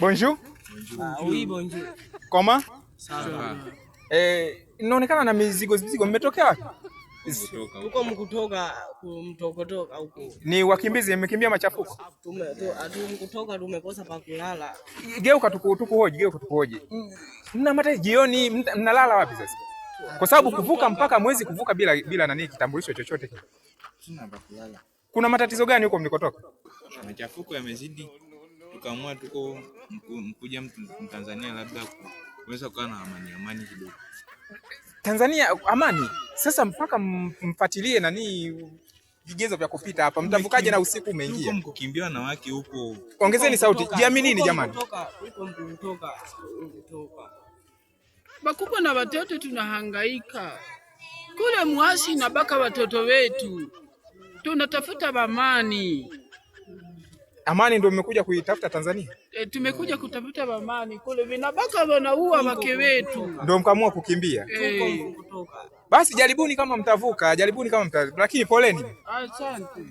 Bonjour. Ah, oui, bonjour. Comment? Sawa. Eh, inaonekana na mizigo mizigo mmetokea wapi? Tuko mkutoka kumtokotoka huko. Ni wakimbizi mmekimbia machafuko? Tumekutoka tumekosa pa kulala. Geuka tukuhoji, geuka tukuhoji. Mna mata jioni mnalala wapi sasa? Kwa sababu kuvuka mpaka mwezi kuvuka bila bila nani kitambulisho chochote kile. Kuna matatizo gani huko mlikotoka? Machafuko yamezidi tukaamua tuko mkuja mtu Mtanzania labda kuweza kukaa na amani amani kidogo. Tanzania amani sasa, mpaka mfuatilie nani vigezo vya kupita hapa, mtavukaje na usiku umeingia, mkukimbia wanawake huko. Ongezeni sauti, jiaminini jamani. Bakubwa na watoto tunahangaika kule, mwasi na baka watoto wetu tunatafuta amani Amani ndio mmekuja kuitafuta Tanzania? E, tumekuja kutafuta amani kule, vinabaka wanaua wake wetu, ndio mkaamua kukimbia e. Basi jaribuni kama mtavuka, jaribuni kama mtavuka, lakini poleni. Asante.